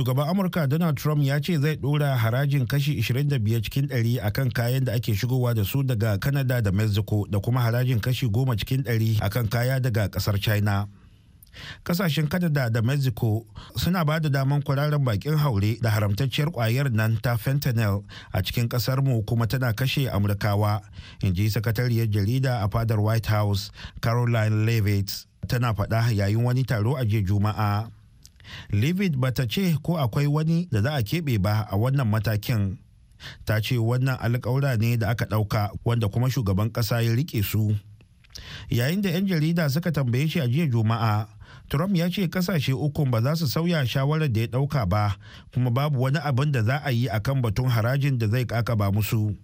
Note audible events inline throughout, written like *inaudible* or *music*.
shugaban amurka donald trump ya ce zai dora harajin kashi 25 cikin 100 akan kayan da ake shigowa da su daga canada da mexico da kuma harajin kashi 10 cikin 100 akan kaya daga kasar china kasashen canada da mexico suna ba da daman kwararren bakin haure da haramtacciyar kwayar nan ta fentanyl a cikin mu kuma tana kashe amurkawa in ji sakatariyar jarida a fadar white house caroline levitt tana faɗa yayin wani taro a jiya juma'a livid ba ta ce ko akwai wani da za a keɓe ba a wannan matakin ta ce wannan alƙawura ne da aka ɗauka wanda kuma shugaban ƙasa ya riƙe su yayin da 'yan jarida suka tambaye shi a jiya juma'a trump ya ce ƙasashe ukun ba za su sauya shawarar da ya ɗauka ba kuma babu wani abin da za a yi akan batun harajin da zai ba musu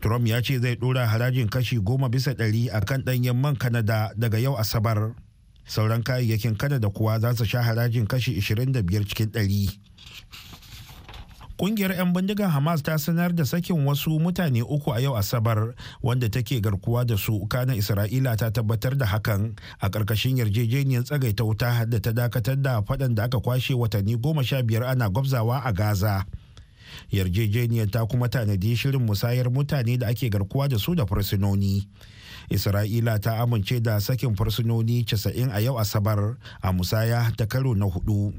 trump ya ce zai ɗora harajin kashi goma bisa ɗari akan ɗanyen man kanada daga yau asabar sauran kayayyakin kada da kuwa za su sha harajin kashi 25 cikin 100 kungiyar 'yan bindigar hamas ta sanar da sakin wasu mutane uku a yau asabar wanda take garkuwa da su kana isra'ila ta tabbatar da hakan a ƙarƙashin yarjejeniyar tsagaita wuta da ta dakatar da faɗan da aka kwashe watanni goma sha biyar ana gwabzawa a gaza yarjejeniyar ta kuma tanadi shirin musayar mutane da ake garkuwa da su da fursunoni isra'ila ta amince da sakin fursunoni 90 a yau asabar a musaya ta karo na hudu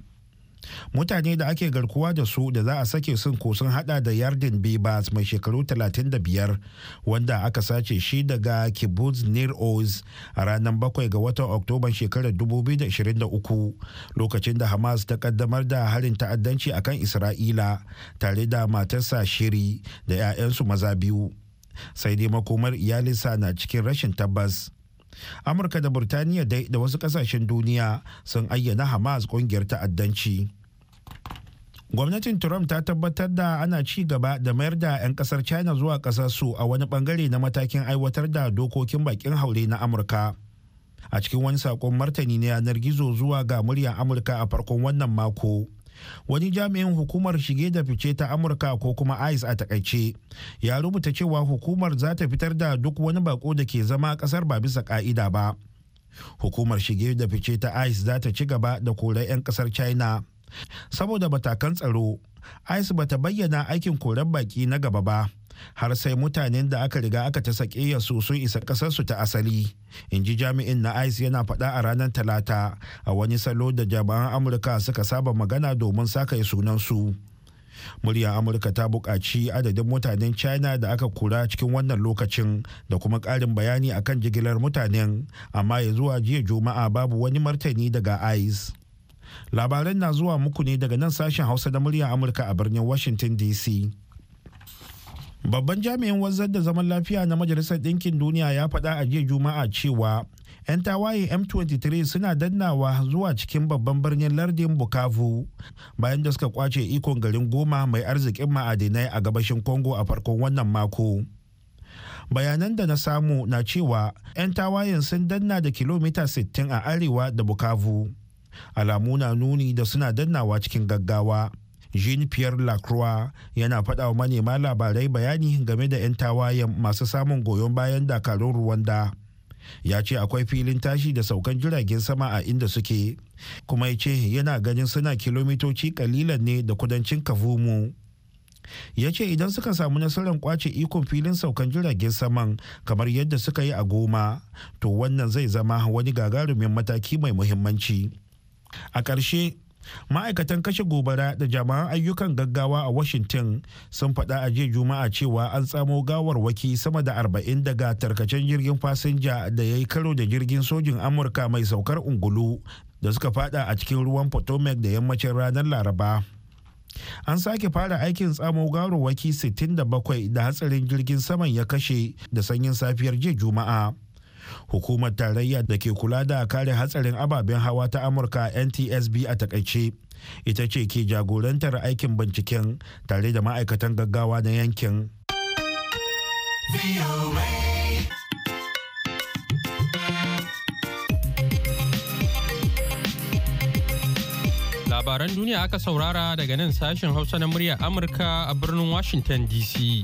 mutane da ake garkuwa da su da za a sake sun ko sun hada da yardin bebas mai shekaru 35 wanda aka sace shi daga kibbutz near oz a ranar 7 ga watan oktoban shekarar 2023 lokacin da hamas ta kaddamar da harin ta'addanci akan isra'ila tare da matarsa shiri da 'ya'yansu maza biyu sai dai makomar iyalinsa na cikin rashin tabbas amurka da burtaniya dai da wasu kasashen duniya sun ayyana hamas kungiyar ta'addanci gwamnatin trump ta tabbatar da ana ci gaba da mayar da 'yan kasar china zuwa kasar su a wani bangare na matakin aiwatar da dokokin bakin haure na amurka a cikin wani saƙon martani na yanar gizo zuwa ga muryar amurka a farkon wannan mako wani jami'in hukumar shige da fice ta amurka ko kuma ice a takaice ya rubuta cewa hukumar za ta fitar da duk wani bako da ke zama kasar ba bisa ka'ida ba hukumar shige da fice ta ice za ta ci gaba da korar 'yan kasar china saboda matakan tsaro ice ba ta bayyana aikin korar baki na gaba ba har sai mutanen da aka riga aka ta sake su sun isa ƙasarsu ta asali in ji jami'in na ice yana faɗa a ranar talata a wani salo da jami'an amurka suka saba magana domin saka sunan su muryar amurka ta buƙaci adadin mutanen china da aka kura cikin wannan lokacin da kuma ƙarin bayani akan jigilar mutanen amma ya zuwa jiya juma'a babu wani martani daga ice labaran na zuwa muku ne daga nan sashen hausa da muryar amurka a birnin washington dc Babban jami'in wanzar da zaman lafiya na Majalisar Dinkin Duniya ya faɗa a jiya Juma'a cewa 'yan tawaye M23 suna dannawa zuwa cikin babban birnin lardin Bukavu bayan da suka kwace ikon garin goma mai arzikin ma'adinai a gabashin Congo a farkon wannan mako. Bayanan da na samu na cewa 'yan tawayen sun danna da kilomita 60 a arewa da Bukavu. Alamu na nuni da suna dannawa cikin gaggawa. jean-pierre lacroix yana faɗa wa manema labarai bayani game da 'yan tawayen masu samun goyon bayan dakarun rwanda ya ce akwai filin tashi da saukan jiragen sama a inda suke kuma ya ce yana ganin suna kilomitoci kalilan ne da kudancin kavumu ya ce idan suka samu nasarar kwace ikon filin saukan jiragen saman kamar yadda suka yi a goma to wannan zai zama wani gagarumin mataki mai muhimmanci a ƙarshe ma'aikatan kashe gobara da jami'an ayyukan gaggawa a washington sun faɗa a jiya juma'a cewa an tsamo gawarwaki sama da arba'in daga tarkacen jirgin fasinja da ya yi karo da jirgin sojin amurka mai saukar ungulu da suka fada a cikin ruwan potomac da yammacin ranar laraba an sake fara aikin tsamo gawarwaki 67 da hatsarin jirgin saman ya kashe da sanyin safiyar jiya juma'a hukumar tarayya da ke kula da kare hatsarin ababen hawa ta amurka ntsb a takaice ita ce ke jagorantar aikin binciken tare da ma'aikatan gaggawa na yankin labaran duniya aka saurara daga nan sashen hausa na murya amurka a birnin washington dc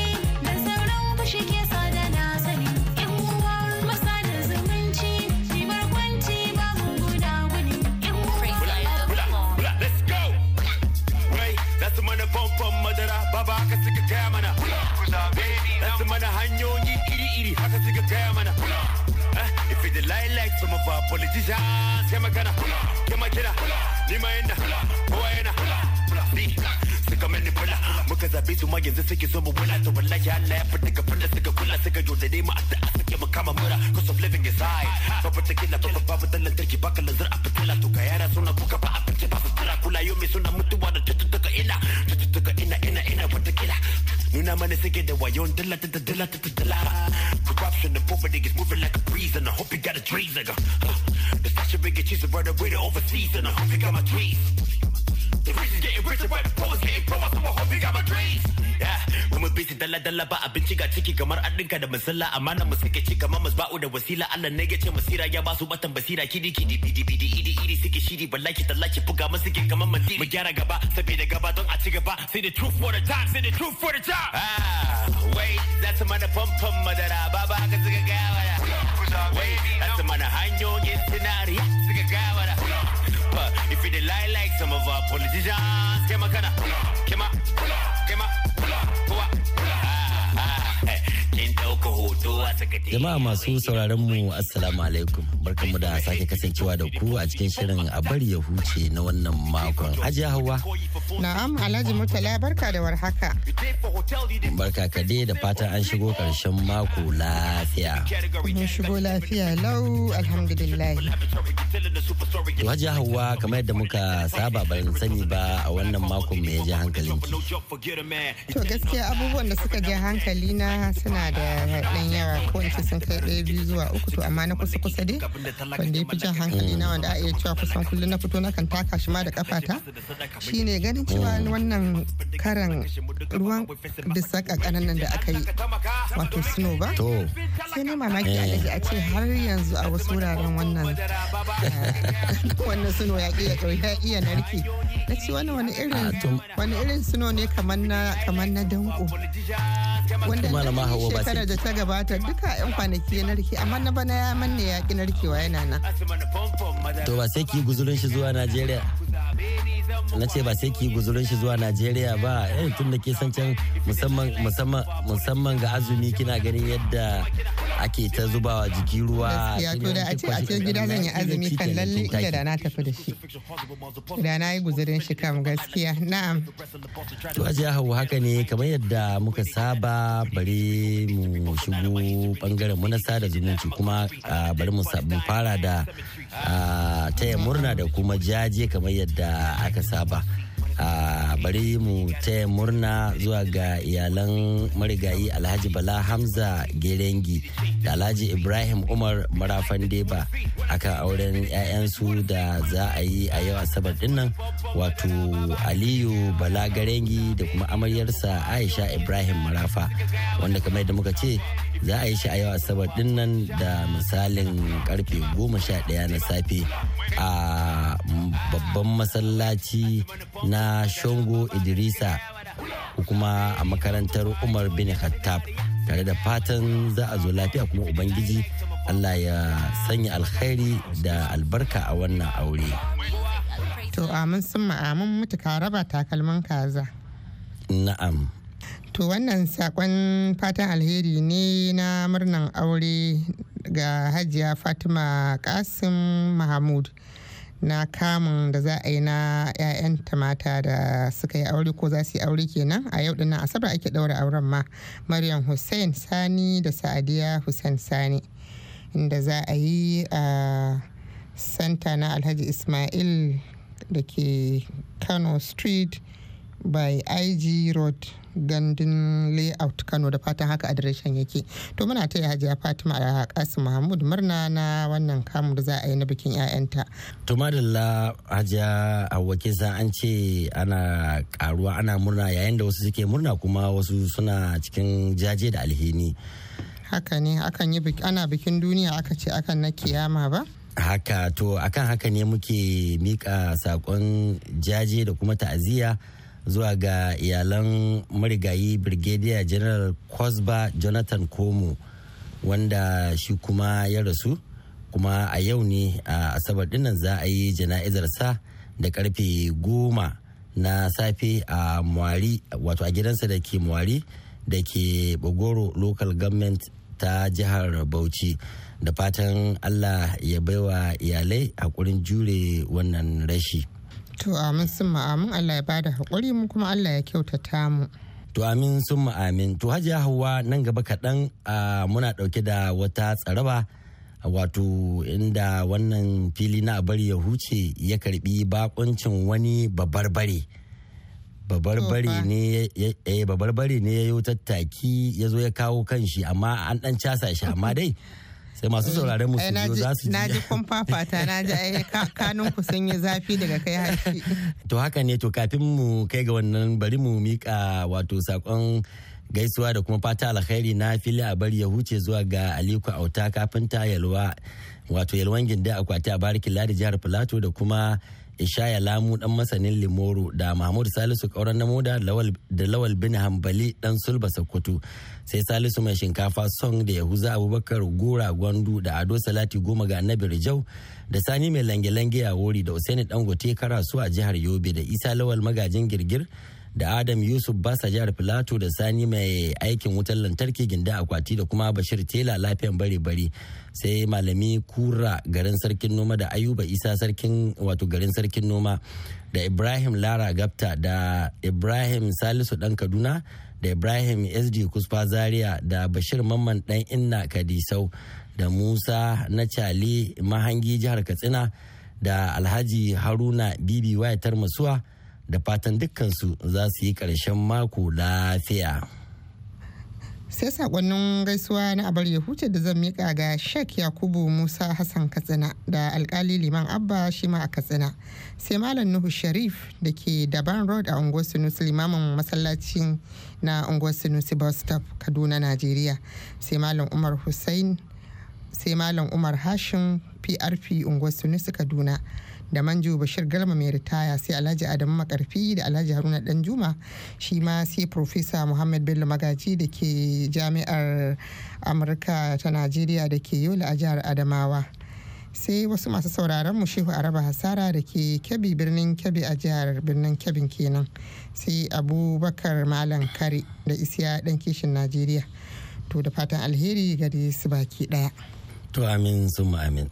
mana ku zabe ni dan su iri iri haka suka gaya mana eh, if lie, light some of our politicians sai magana ke makira ni ma yana kowa yana suka mani bala muka zabe su ma yanzu suke so wala to wallahi ya fita ka fada kula suka jo da dai mu addu'a mura cost of living is high ba fita kila ba babu dan lantarki ba ka lanzar a fitila to ga yara suna kuka ba a fice ba su tira kula yau me suna mutuwa da tututtuka ina tututtuka ina ina ina wata Nuna man is again the way on dilla dilla dilla dilla Corruption and poverty is moving like a breeze and I hope you got a dream, nigga. The stash of bigger cheese and run away to overseas and I hope you got my trees. The rich is getting richer, right? The poor is getting poor, so I hope you got my trees kuma bisi dala dala ba abinci ga ciki kamar an dinka da masalla amana mu suke ci kamar musba'u da wasila Allah ne ya masira ya ba batan basira kidi kidi bidi bidi idi idi suke shiri ballaki tallaki buga mu suke kamar mandiri mu gyara gaba saboda gaba don a ci gaba sai the truth for the time Say the truth for the time ah wai za su mana famfan madara baba haka suka gawa wai za su mana hanyoyin sinariya suka gawa feed the lie like some of our politicians. Kema kana, kema, kema, kema, kema, hoto a sakate. Jama'a masu sauraron mu Assalamu alaikum. Barkanmu da sake kasancewa da ku a cikin shirin a bari ya huce na wannan makon. Hajiya Hauwa. Na'am Alhaji Murtala barka da warhaka. Barka ka dai da fatan an shigo karshen mako lafiya. Mun shigo lafiya lau alhamdulillah. To Hajiya Hauwa kamar yadda muka saba ban sani ba a wannan makon mai ya ji hankalinki. To gaskiya abubuwan da suka je hankali na suna da ɗan yara ko in sun kai ɗaya biyu zuwa uku to amma na kusa kusa dai wanda ya fi jan hankali na wanda a iya cewa kusan kullum na fito nakan taka shi ma da kafata shine ganin cewa mm. wannan karan ruwan disaka nan da aka yi wato snow ba sai ne mamaki a daji a ce har yanzu a wasu wuraren wannan eh, *laughs* wannan snow ya iya ya iya narke na ce wani wani irin ah, wani irin snow ne kamar na kamar na danko wanda malama shekarar ba shekara da ta gabata duka 'yan kwanaki yanarke rike amma na bana ya manne ya narkewa yana nan. To ba sai ki guzurin shi zuwa Najeriya. na ce ba sai ki guzurin shi zuwa najeriya ba eh tun da ke san can musamman musamman musamman ga azumi kina ganin yadda ake ta zubawa jiki ruwa ya to da a ce a ce gida zan yi azumi kan lalle inda da na tafi da shi da na yi guzurin shi kam gaskiya na'am to ajiya hawa haka ne kamar yadda muka saba bari mu shigo bangaren mu na sada zumunci kuma ah, bari mu fara da taya murna da kuma jaje kamar yadda aka saba bari mu taya murna zuwa ga iyalan marigayi alhaji bala hamza gerengi da alhaji ibrahim umar marafan deba akan auren 'ya'yansu da za a yi a yau asabar dinnan wato aliyu bala garengi da kuma amaryarsa aisha ibrahim marafa wanda kamar yadda muka ce za a yi shi a yau asabar din nan da misalin karfe goma sha 11 na safe a babban masallaci na shango idrisa kuma a makarantar umar bin khattab tare da fatan za a zo lafiya kuma ubangiji allah ya sanya alkhairi da albarka a wannan aure to amin sun ma'amin mutu ka raba takalman kaza na'am to wannan sakon fatan alheri ne na murnan aure ga hajiya fatima kasim mahmud na kamun da za a yi na 'ya'yan mata da suka yi aure ko za su yi aure kenan a yau dinnan asabar ake daura auren ma maryam hussein sani da sa'adiya hussein sani inda za a yi a santa na alhaji ismail da ke kano street by IG Road gandun layout Kano da fatan haka adireshin yake. To muna ta hajiya Fatima a Kasim Mahmud murna na wannan kamun da za a yi na bikin 'ya'yanta. To madalla hajiya Hawwake an ce ana karuwa ana murna yayin da wasu suke murna kuma wasu suna cikin jaje da alheri. Haka ne akan yi ana bikin duniya aka ce akan na kiyama ba? haka to akan haka ne muke mika sakon jaje da kuma ta'aziyya zuwa ga iyalan marigayi brigadier general cosba jonathan komo wanda shi kuma ya rasu kuma a yau ne a asabar dinnan za a yi jana'izarsa da karfe goma na safe a mwari wato a gidansa da ke mwari da ke bogoro local government ta jihar bauchi da fatan allah ya baiwa iyalai haƙurin jure wannan rashi. To amin sun ma'amin Allah ya bada haƙuri mu kuma Allah ya kyautata mu. To amin sun ma'amin To hajiya hawa nan gaba kaɗan muna ɗauke da wata tsaraba wato inda wannan fili na bari ya huce ya karbi bakuncin wani babbar babarbare ne ya yi eh, tattaki ya zo ya kawo kanshi amma an ɗan casa shi amma dai *laughs* sai masu eh, sauraren mu su zo eh, za su ji naji kwamfafa ta ji eh, ai kanun ku sun yi zafi daga kai hashi *laughs* to haka ne to kafin mu kai ga wannan bari mu mika wato sakon gaisuwa da kuma fata alkhairi na fili a bari ya huce zuwa ga Aliko Auta kafinta Yalwa wato Yalwan Ginde akwati a Barkin Ladi jihar Plateau da kuma ishaya lamu dan masanin limoro da mahmud salisu kauran namo da lawal bin hambali dan sulba sokoto sai salisu mai shinkafa song da yahuza abubakar gora gwandu da ado salati goma ga annabi rijau da sani mai lange-lange a wori da usaini dangote karasu a jihar yobe da isa lawal magajin girgir da adam yusuf basa jihar filato da sani mai aikin wutar lantarki ginda akwati da kuma bashir tela lafiyan bari-bari sai malami kura garin sarkin noma da ayuba isa sarkin wato garin sarkin noma da ibrahim lara gapta da ibrahim salisu dan kaduna da ibrahim sd kusfa zaria da bashir mamman dan inna kadisau da musa na chali mahangi jihar katsina da alhaji haruna bibi wayatar masuwa da fatan dukkansu za su yi karshen mako lafiya. sai sakonnin gaisuwa na abar ya da zan mika ga shek yakubu musa hassan katsina da alkali liman abba shi ma a katsina sai malam nuhu sharif da ke daban road a unguwar sunusi limamin masallacin na unguwar sunusi bus stop kaduna nigeria sai malam umar hussein sai malam umar hashim prp unguwar sunusi kaduna da manjo bashir galma mai ritaya sai alhaji adamu makarfi da alhaji haruna Juma shi ma sai profesa muhammad bello magaji da ke jami'ar amurka ta najeriya da ke yola a jihar adamawa sai wasu masu sauraron mu shehu araba hasara da ke kebbi birnin kebbi a jihar birnin kebin kenan sai abubakar malam kare da isiya dan kishin najeriya to da fatan alheri gari su baki daya to amin zuma amin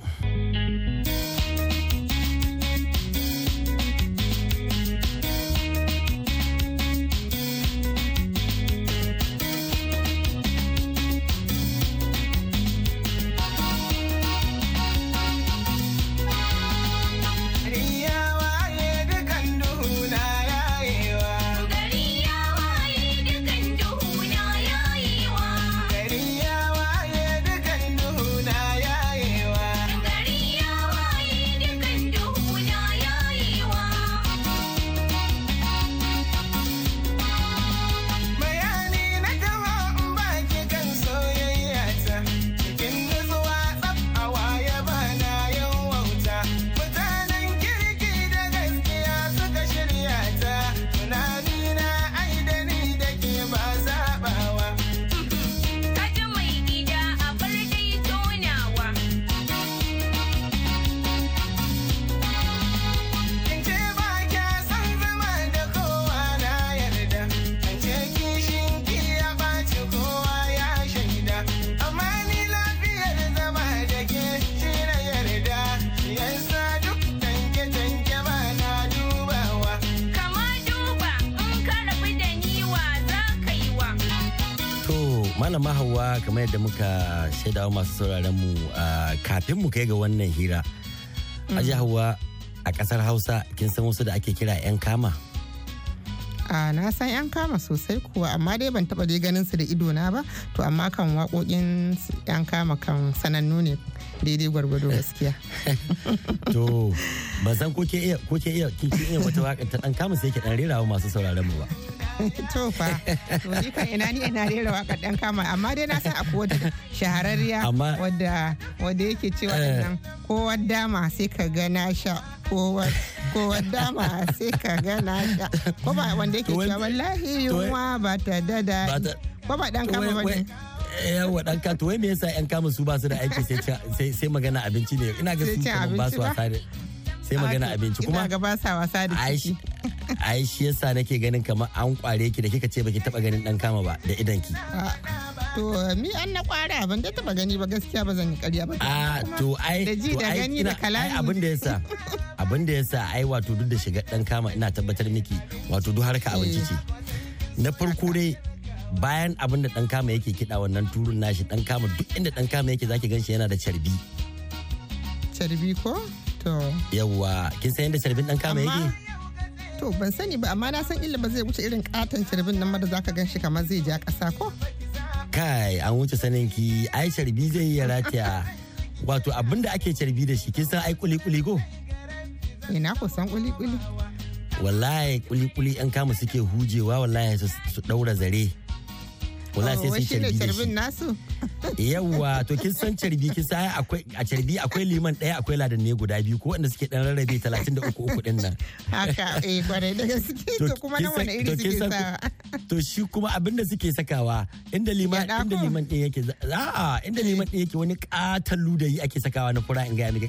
kamar yadda muka shaidawa masu sauraron mu kafin mu kai ga wannan hira mm. a hawa a kasar hausa kin san wasu da ake kira 'yan kama a na san 'yan kama sosai kuwa amma dai ban taba dai ganin su da idona ba to amma kan waƙoƙin 'yan kama kan sanannu ne daidai gwargwado gaskiya *laughs* to *laughs* ban san ko ke iya wata waƙar ta ɗan kama sai ke ɗan rerawa masu sauraron mu ba *laughs* to fa to ni kan ina ni ina rera waka dan kama amma dai na san akwai wata shahararriya wadda wadda yake cewa eh. nan kowa dama sai ka ga na sha kowa kowa dama sai ka ga na sha ko ba wanda yake cewa wallahi yunwa ba ta dada ko ba dan kama ba ne eh, yawa dan ka to wai me yasa yan kama su ba su da aiki sai sai magana abinci ne ina ga su ba su wasa ne sai magana abinci kuma ga ba sa wasa da shi *laughs* ai shi yasa nake ganin kamar an kware ki da kika ce baki taba ganin dan kama ba da idan ki ah, to mi an na kwara ban da taba gani ba gaskiya ba zan yi ƙarya ba ah, a to ai da ji da gani da kalami abin da yasa *laughs* abin da yasa ai wato duk da shiga dan kama ina tabbatar miki wato duk harka abinci ce eh. na farko dai bayan abin da dan kama yake kida wannan turun nashi dan kama duk inda dan kama yake zaki ganshi yana da carbi carbi ko Yawwa, kin san yadda carbin ɗan kama yake? To ban sani ba amma na san illa ba zai wuce irin katon carbin nan da zaka gan shi kamar zai ja ƙasa ko? Kai an wuce sanin ki ai sharbi zai yi rataya. Wato abin da ake sharbi da shi kin san ai kuli-kuli ko? Ina eh, ku san kuli-kuli. Wallahi kuli-kuli 'yan kama suke hujewa wallahi su daura zare. wala sai oh, sun carbi da shi *laughs* Yawwa yawa to kin san carbi kin san akwai a carbi akwai liman daya akwai ladan ne guda biyu ko wanda suke dan rarrabe 33 uku din nan haka eh kwarai da gaske to kuma nan wani iri suke sawa to shi kuma abinda suke sakawa inda liman inda liman din yake a'a inda liman din yake wani da yi ake sakawa na fura in ga miki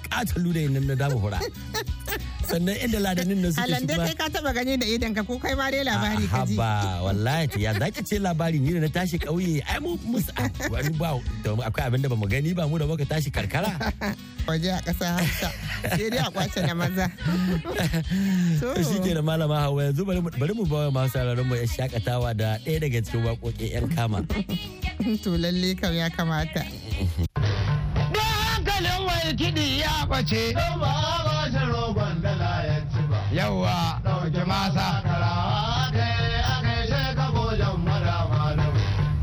da yin nan na damu fura *laughs* sannan inda ladanin na suke shi ba. kai ka taba gani da idan ka ko kai ma dai labari ka ji. Haba wallahi ya zaki ce labari ni da na tashi kauye ai mu musa wani ba akwai abin da bamu gani ba mu da muka tashi karkara. *laughs* Waje a ƙasa hasa sai dai a kwace na maza. *laughs* To shi ke da malama hawa yanzu bari mu bawa masu sauraron mu ya shakatawa da ɗaya daga cikin waƙoƙin 'yan kama. *laughs* To lalle kam ya kamata. Don hankalin wai kiɗi ya ɓace. Don ba a rogon da yawwa ɗauki masa karawa da ya kai shekabo jan mada malam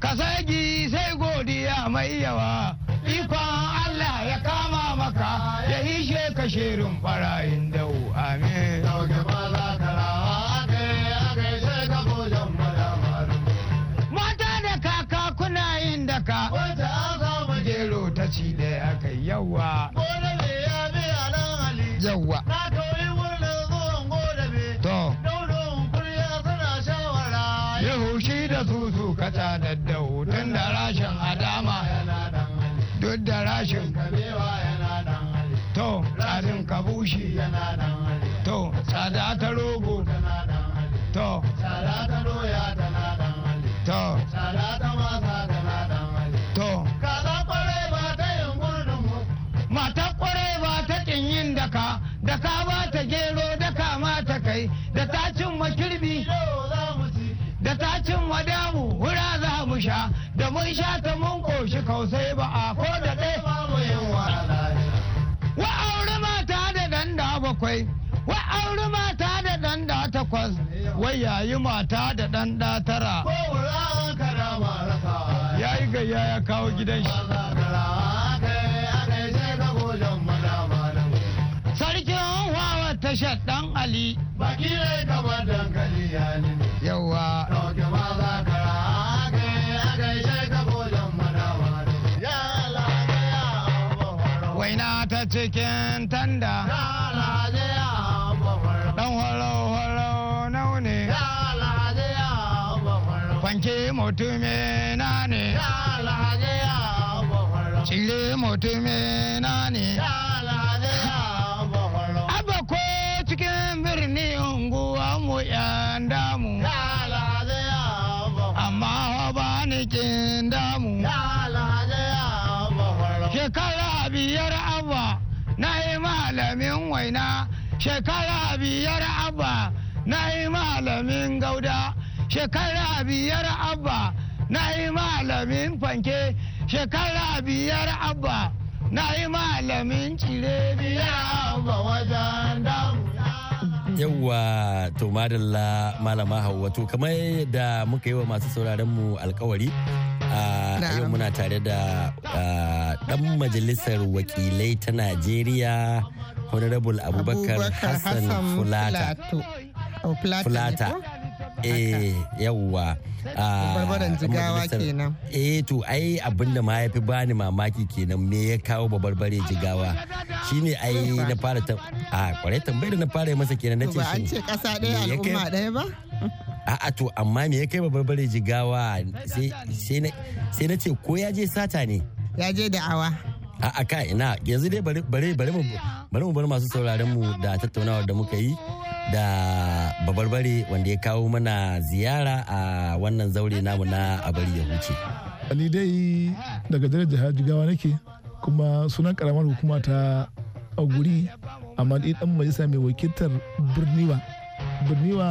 ka sagi sai godiya mai yawa ikon Allah ya kama maka ya ishe ka shirin madamu hura za mu sha da mun sha ta mun koshi kausai ba a ko da ɗaya mu yin wa aure mata da danda bakwai wa aure mata da danda takwas wai yayi mata da danda tara ya yi gayya ya kawo gidan shi sarkin wawa tashar dan ali baki ne kamar sarkin tanda. Dan holo holo naune. Fanke mutumi na ne. Cire mutumi na ne. waina shekara biyar abba na yi malamin gauda shekara biyar abba na yi malamin fanke shekara biyar abba na yi malamin cire biyar abba wajen yawwa to madalla malama hauwa to kamar da muka yi wa masu sauraron mu alkawari Ah, a yau muna tare da dan ah, majalisar wakilai ta najeriya honorable abubakar hassan fulata oh, fulata eh yawwa ah, barbaran jigawa kenan eh to ai abinda ma ya fi bani mamaki kenan me ya kawo babarbare jigawa shi ne ai na fara ta a kwarai tambayar da na fara masa kenan na ce shi ba an ce kasa ɗaya al'umma ɗaya ba a'a to amma me ya kai babbar barbare jigawa sai na ce ko ya je sata ne ya je da awa a'a ka ina yanzu dai bare bare mu bar masu sauraron mu da tattaunawar da muka yi da babarbare wanda ya kawo mana ziyara a wannan zaure namu na abari ya huce ni dai daga dare jihar jigawa nake kuma sunan karamar hukuma ta a guri amma dan majalisa mai wakiltar birniwa birniwa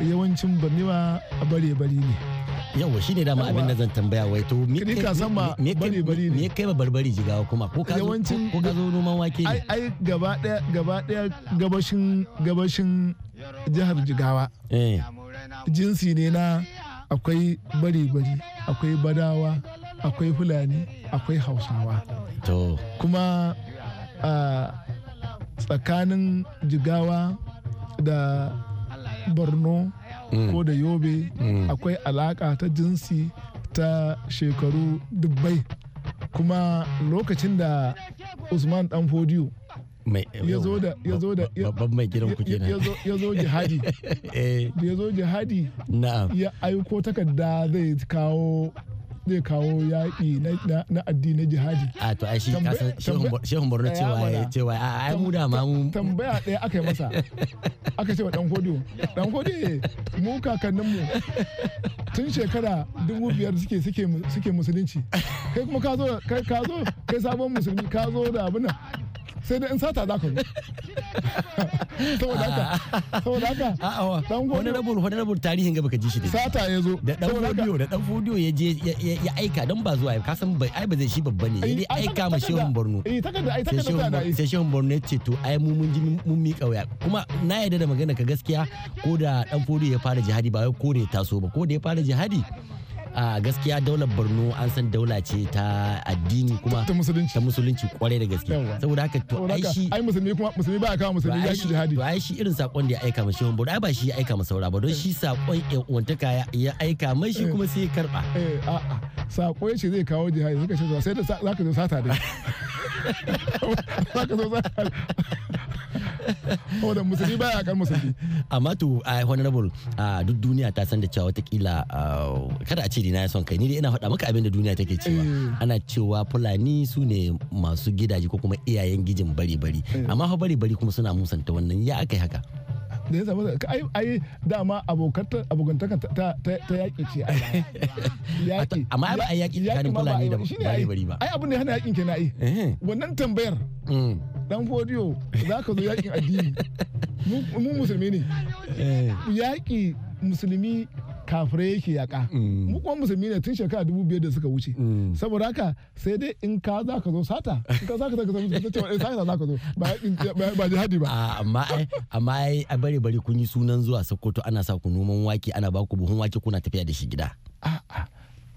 yawancin a bare bare ne yawa shi ne dama abin da zan tambaya wai to me ka san bare bari ne me kai ba barbari jigawa kuma ko ka ko ka zo noman wake ne ai gaba daya gaba daya gabashin gabashin jihar jigawa eh. jinsi ne na akwai bare bari akwai badawa akwai fulani akwai hausawa to kuma a ah, tsakanin jigawa da borno mm. ko da yobe mm. akwai alaka ta jinsi ta shekaru dubbai kuma lokacin da usman dan fodiyo eh, ya zo da jihadi ya zo jihadi *laughs* eh. ya aiko takarda zai kawo zai kawo yaƙi na addini jihadi. A to ai shi kasan shehun Borno cewa ya cewa a ai mu da ma mu. Tambaya ɗaya aka yi masa *laughs* aka ce wa ɗan kodiyo ɗan kodiyo mu mu. tun shekara dubu biyar suke suke musulunci kai kuma ka zo kai sabon musulmi ka zo da abin sai dai in sata za ka zo saboda haka saboda haka *laughs* dan wani rabur wani rabur tarihin ga baka ji shi sata ya zo da dan fodiyo da dan fodiyo ya je ya aika dan ba zuwa ka san bai ai ba zai shi babba ne ya aika ma shehun Borno eh takarda ai takarda ta sai shehun Borno ya ce to ai mu mun ji mun mika waya kuma na yarda da magana ka gaskiya ko da dan fodiyo ya fara jihadi ba wai ko da ya taso ba ko da ya fara jihadi a gaskiya daular borno an san daula ce ta addini kuma ta musulunci ta musulunci kwarai da gaske saboda haka to ai shi ai musulmi kuma musulmi ba kawo musulmi ya shi jihadi to ai shi irin sakon da ya aika mashi shehun borno ai ba shi ya aika ma ba don shi eh. sakon ya wantaka ya aika mashi shi eh. kuma sai ya karba eh a a sako ce zai kawo jihadi zaka ce sai da zaka zo sata dai *laughs* *laughs* zaka zo sata Wadda musulmi baya kan musulmi. Amma to a honorable a duk duniya ta san da cewa watakila kada a ce dina ya son kai ni dai ina faɗa maka abin da duniya take cewa eh. ana cewa fulani su ne masu gidaje ko kuma iyayen gijin bari-bari eh. amma fa bari-bari kuma suna musanta wannan ya aka yi haka. da ya samu ai ai dama abokantaka ta ta yaki ce *laughs* yaki amma ba a yaki tsakanin fulani da bari bari ba ai abin da hana yakin kenan ai eh. wannan tambayar mm. dan fodiyo za ka zo yakin addini mu musulmi ne eh. yaƙi musulmi kafirai yake yaƙa mm. mu kuma musulmi ne tun shekara dubu biyar da suka wuce mm. saboda haka sai dai in ka za ka zo sata in ka za ka zo sata cewa sata za ka zo ba jihadi ba ah, amma ai amma ai a bare bare kun yi sunan zuwa sokoto ana sa ku noman wake ana ba ku buhun wake kuna tafiya da shi gida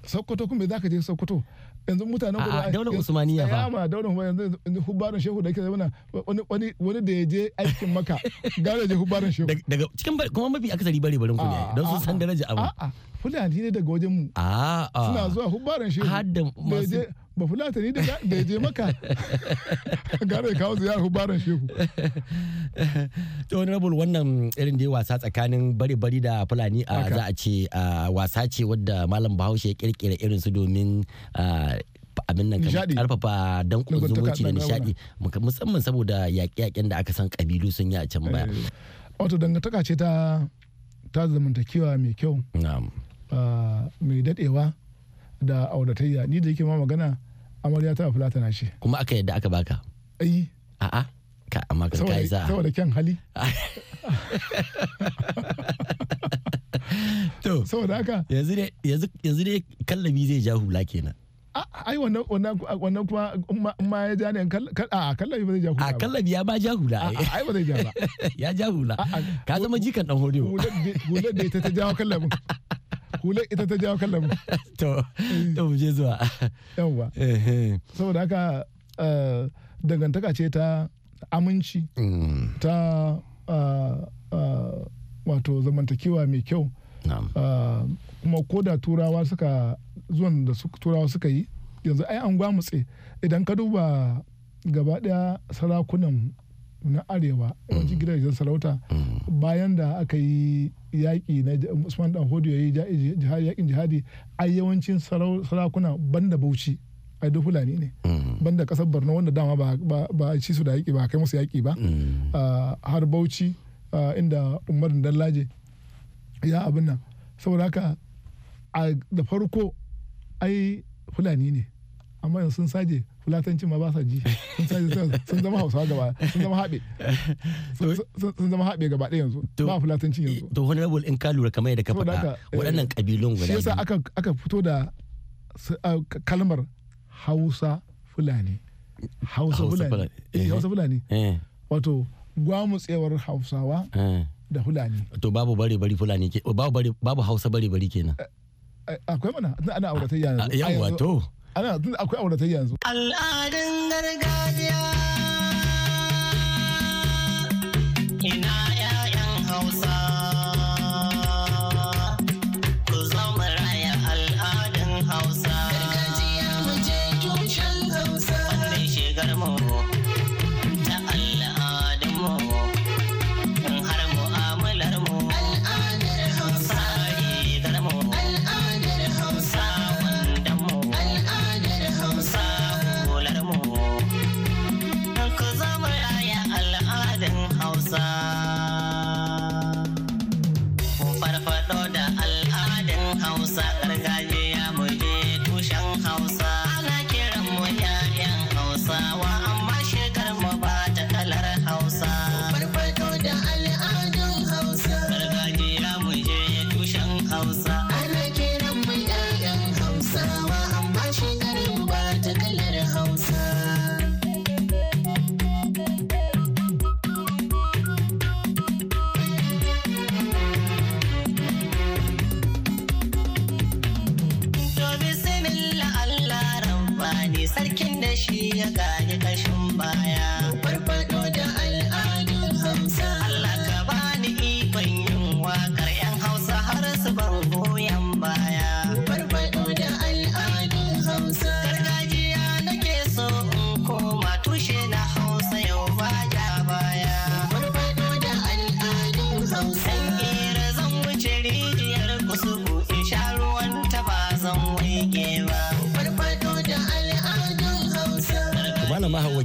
sokoto kuma za ka je sokoto yanzu mutanen kudu a daular usmaniya ba ma daular kuma yanzu hubbaran shehu da ke zama wani wani da ya je aikin maka *laughs* gane je hubbaran shehu daga cikin kuma mafi akasari bari barin ku ne don sun san daraja abu a'a fulani ne daga wajen mu a suna zuwa hubbaran shehu har da masu ba ne da ya je maka *laughs* gare kawo ziyarar hubaran shehu *laughs* to honorable wannan irin da ya wasa tsakanin bari-bari da fulani a za a ce wasa ce wadda malam bahaushe ya kirkira irin su domin abin nan karfafa dan zumunci da nishadi musamman saboda yaƙe-yaƙen da aka san kabilu sun yi a can baya eh. wato dangantaka ce ta ta zamantakewa mai kyau ah, mai dadewa da auratayya ni da yake ma magana amarya ta fula tana shi kuma aka yadda aka baka ai a'a ka amma ka kai za saboda kyan hali *laughs* to saboda haka yanzu ne yanzu ne kallabi zai ja hula kenan ai wannan wannan kuma in ma ya ja ne a kallabi ba zai ja hula a kallabi ya ba ja hula eh. ai ba zai ja ba *laughs* ya ja hula ka zama jikan dan hodiyo hular da ita ta jawo kallabin *laughs* hular ita ta jawo kallon *laughs* to to je zuwa yawwa saboda haka eh, dangantaka ce ta aminci mm. ta eh, eh, wato zamantakewa mai kyau kuma ko da turawa suka zuwan da turawa suka yi yanzu ai an gwamutse idan ka duba gaba daya sarakunan na arewa mm. yawancin gidajen sarauta mm. bayan da aka yi yaƙi na usman dan hodo ya yi yaƙin jihadi a yawancin sarakuna banda bauchi a duk fulani ne mm. banda kasar borno wanda dama ba a ci su da yaƙi ba a kai musu yaƙi ba ah, har bauchi ah, inda umarin dallaje ya abin nan saboda haka da farko ai fulani ne amma yanzu sun saje fulatancin ma ba sa ji sun saje sun zama hausawa gaba sun zama haɓe sun zama haɓe gaba ɗaya yanzu ba fulatanci yanzu to wani honorable in ka lura kamar yadda ka faɗa eh, waɗannan ƙabilun guda shi yasa aka aka fito da kalmar hausa fulani hausa fulani hausa fulani eh, eh. wato gwamutsewar hausawa da fulani to babu bare bari fulani ke babu hausa bare bari kenan akwai mana ana auratayya yawa to ana tun akwai auratayya yanzu al'adun gargajiya ina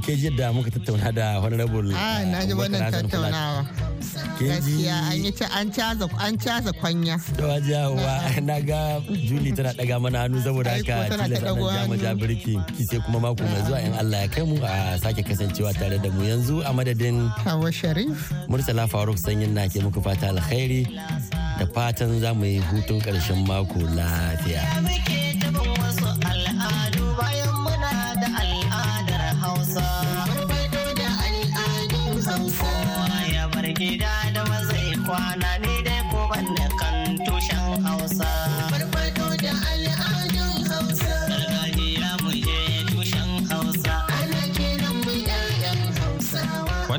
ke yadda muka tattauna da honorable ah na ji eh, wannan tattaunawa gaskiya an yi an caza an caza kwanya da wajawa *laughs* na ga Julie tana daga mana hannu saboda haka tilasta na jama birki ki sai kuma mako mai zuwa in Allah ya kai mu a sake kasancewa tare da mu yanzu a madadin Hawa Sharif Murtala Faruk sanyin na ke muku fata alkhairi da fatan za mu yi hutun karshen mako lafiya.